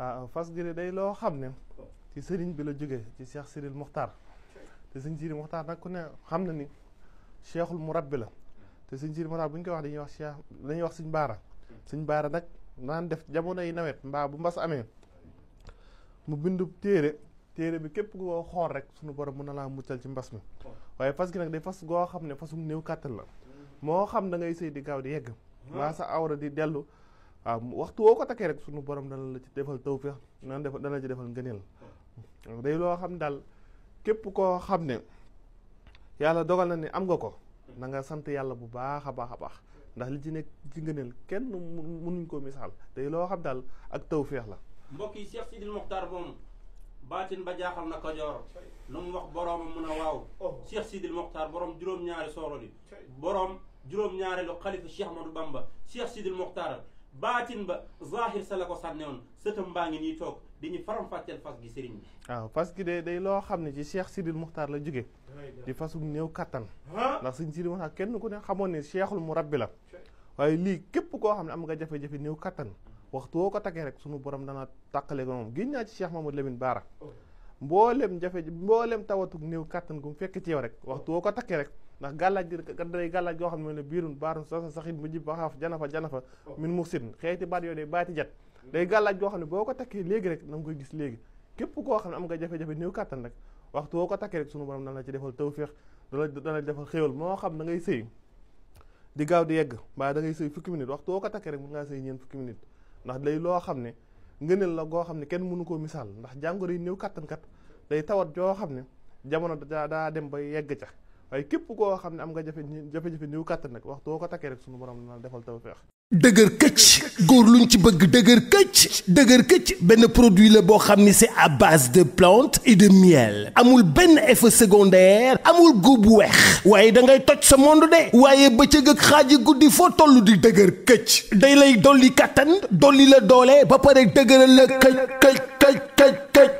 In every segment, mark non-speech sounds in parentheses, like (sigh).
waaw ah, fas gi day loo xam ne oh. ci sëriñ bi la jógee ci Cheikh Cyril Mokhtar te sëñ Cyril Mokhtar nag ku ne xam na ni cheikhul murabbi la te sëñ Cyril Mokhtar bu ñu koy wax dañuy wax cheikh dañuy wax suñ baara suñ baara nag naan def jamono yi nawet mbaa bu mbas amee mu bindu téere téere bi képp koo xool rek suñu borom mën na laa muccal ci mbas mi waaye fas gi nag day fas goo xam ne fasum néew kàttan la mm. moo xam da sëy di gaaw di yegg mm. mbaa sa awra di dellu waaw ah, waxtu woo ko takkee rek suñu borom dana la ci defal tawfeex dana defal dana la ci defal ngëneel day loo xam daal képp koo xam ne yàlla dogal na ne am nga ko na sant yàlla bu baax a baax a baax ndax li ci nekk ci ngëneel kenn mënuñ ko misaal day loo xam daal ak tawfeex la mbokk yi Cheikh Sidil Mokhtar moom baatin ba jaaxal na Kajoor lu mu wax boroomam mun a waaw Cheikh Sidil Mokhtar borom juróom-ñaari sooro li borom juróom-ñaari lu xalifa Cheikh Ahmadou Bamba baatin ba zahir sa la ko sànne woon sëtam mbaa ngi nii toog di ñu faram-fàcceel fas gi sëriñ bi waaw fas gi de day loo xam ne ci Cheikh Sidil Muxtaar la jóge di fasum néew kattan ndax sëñ Sidil Muxtaar kenn ku ne xamoon ne cheikhul murabbi la waaye lii képp koo xam ne am nga jafe-jafe néew kattan waxtu woo ko takkee rek sunu borom dana tàqale ko moom génn naa ci Cheikh moom Lamine Baara oh. mboolem jafe mboolem tawatug néew kattan gu mu fekk ci rek waxtu ko takkee rek ndax gàllaaj gi day gàllaaj goo xam ne ne biirun baarun sasa saxit mu jib waxaaf janafa janafa min mufsidin xeeti baat yooyu day baati jat day gàllaaj goo xam ne boo ko takkee léegi rek na nga koy gis léegi képp koo xam ne am nga jafe-jafe néew kàttan rek waxtu woo ko takkee rek sunu borom dana la ci defal tawféex dana dana defal xéewal moo xam da ngay sëy di gaaw di yegg mbaa da ngay sëy fukki minute waxtu woo ko takkee rek mën ngaa sëy ñeen fukki minute ndax day loo xam ne ngëneel la goo xam ne kenn mënu koo misaal ndax jàngoro yi néew kàttankat day tawat joo xam ne jamono daa dem ba yegg ca waaye képp koo xam ne am nga jafe jafe-jafe néew kàttan nag waxtu woo ko takkee rek sunu borom dina defal tawfeex dëgër këcc góor lu luñ ci bëgg dëgër këcc dëgër këcc benn produit la boo xam ni c'est à base de plantes et de miel amul benn effet secondaire amul góob bu weex waaye da ngay toj sa monde de waaye bëccëg ak xaaji guddi foo toll di dëgër këcc day lay dolli kattan dolli la doole ba pare dëgëral la këcc këcc këcc këcc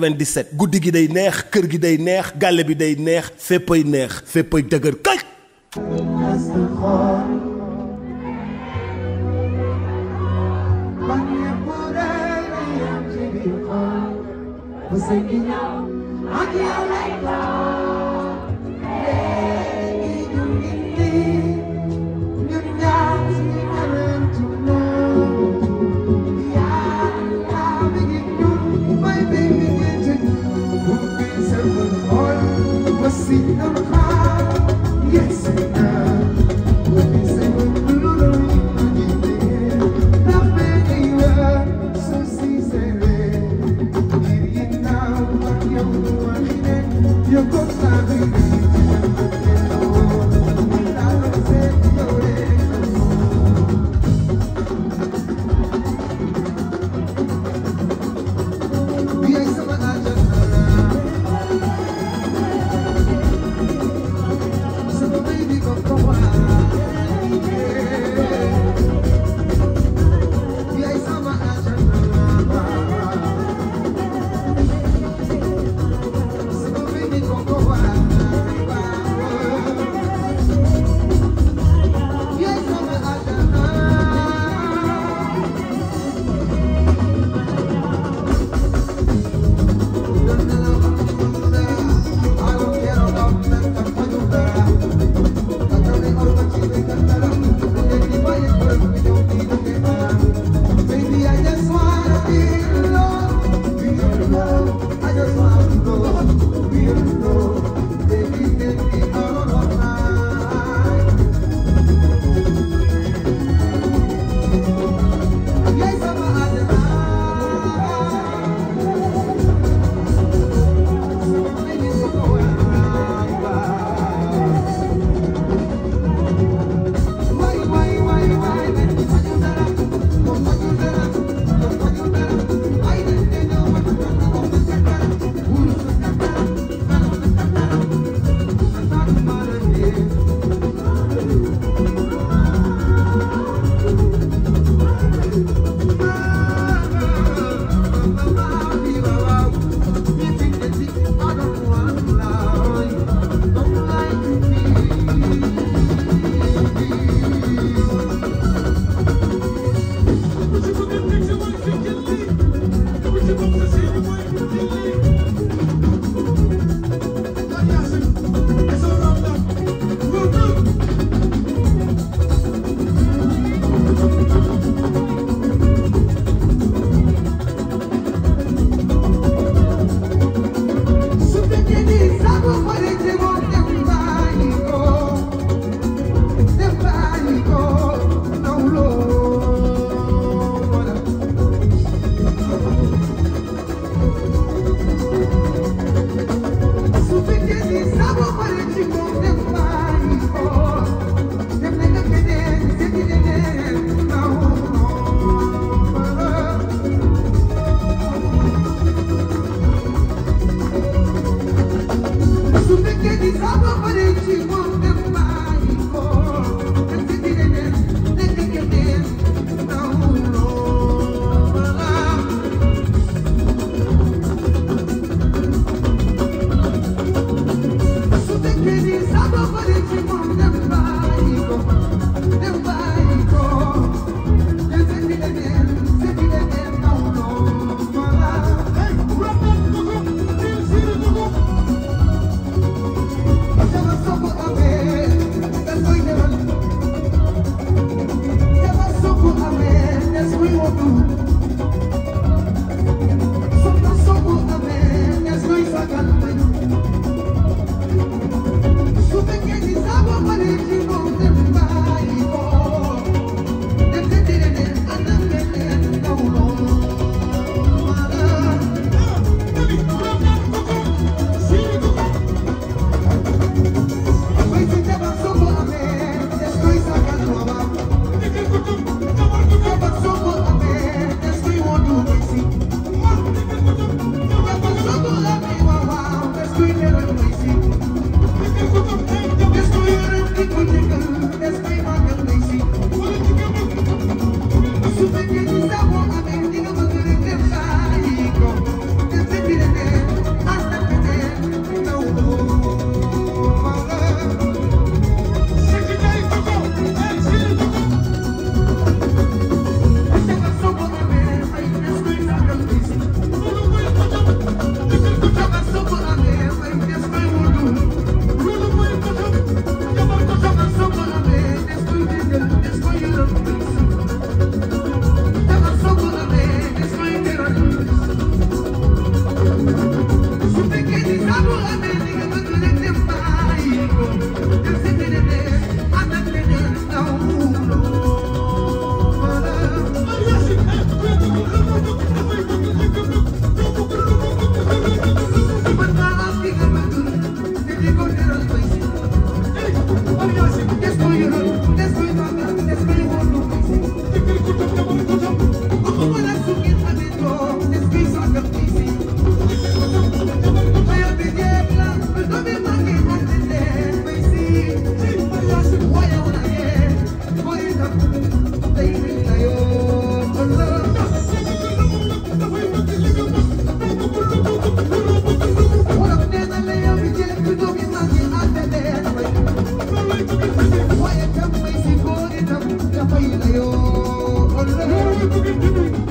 97 guddi gi day neex kër gi day neex gàlle bi day neex féppay neex féppay dëgër kay Você que não, aqui eu leio. Thank you.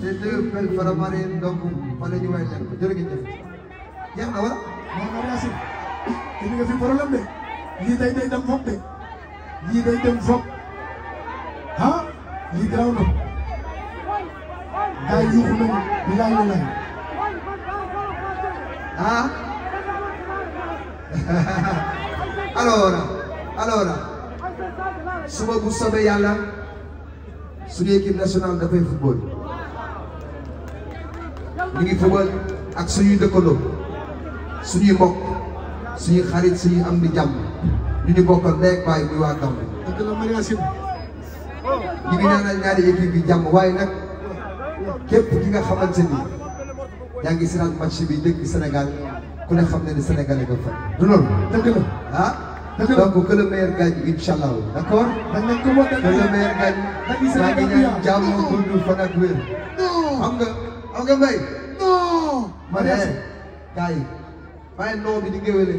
te dégg nga faramare donc fa la ñu waay leen ko jërë ngeen jëf. jeex na wala. maanaam fi problème de. lii day day dem foog de. lii day dem foog. ah lii garaaw na. gars yi yuuxu nañu. bilaay la laay. ah. alors (laughs) alors suba bu soobee yàlla suñu équipe nationale dafay football. ñu ngi fubal ak suñuy dëkkandoo suñuy mbokk suñuy xarit suñuy am di jàmm ñu ñu bokkal nekk bàyyi muy waa Gàmbi. dëgg la Maria Sim. ñu ngi ñaari équipe bi jàmm waaye nag képp ki nga xamante ni yaa ngi si naan match bi dëkk Sénégal ku ne xam ne ni Sénégalais nga fa. du loolu dëgg la ah. dëgg la donc que le meilleur nga xam nga non ma ne gars bi di géwéle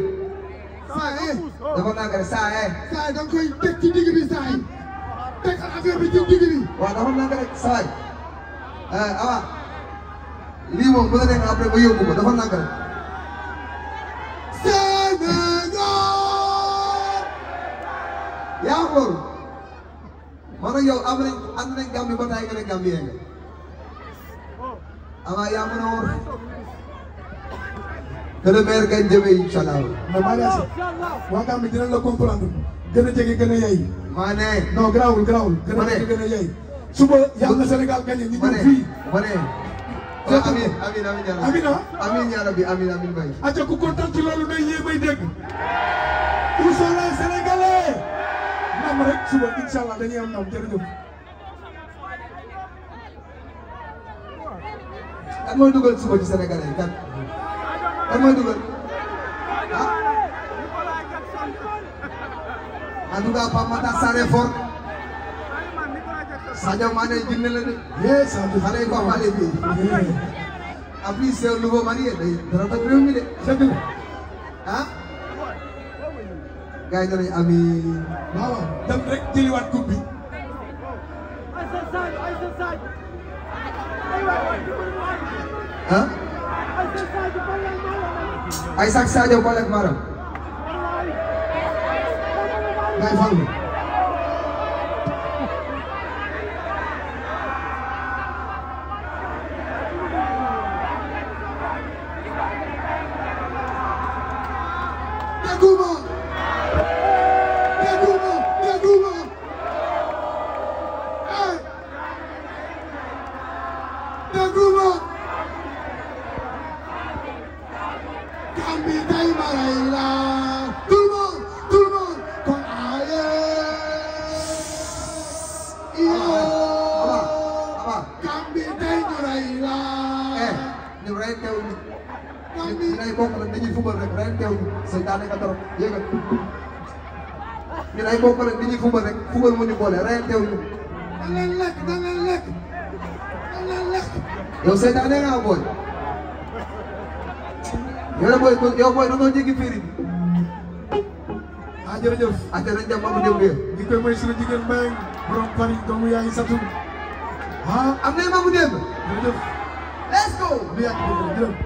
saa yi dafa naa gën saa yi saa yi da nga koy teg ci digg bi saa yi teg affaire bi ci digg bi waaw dafa naa gën saa yi eh, awa lii moom bu la neexee après ma yóbbu ko dafa naa gën yaa ngi ko man ak yow am nañ am nañ gàmmi ba taay nga ne gàmmi ama yaa mën a wóor que le maire gañ jëmee incha allah. mais maa ngi la comprendre gën a jege gën a yey. maa ne. non garaawul garaawul. ma ne yey. suba yàlla na Sénégal gañe ñu ñëw fii. ma ne ma ne. amiin amiin amiin ci loolu day yee bay dégg. où sont les rek suba incha allah dañuy am ndam jërëjëf. kan mooy dugal suba ci sénégalais yi kan kan mooy dugal ah en tout cas Pape Matar Sarr fort Sadio jinne la de. oui Sadio Mané yi Pape Mané bi. en plus c'est un nouveau dara toog réew mi dem rek jëliwaat coupe bi. ah ay sax Sadio Bollek Maram ngay fal ñun ay bokk rek dañuy fubal rek fubal mu ñu boole reyanteew ñu. da leen lekk da leen lekk da leen lekk. yow seytaane nga booy. yow la booy yow booy da nga jéggi firi bi. ah jërëjëf. ah jërëjëf jàmm ak démb yëpp. di koy may suñu jigéen mbay borom Paris doomu yaa ngi satu. ah, ah am nañu ma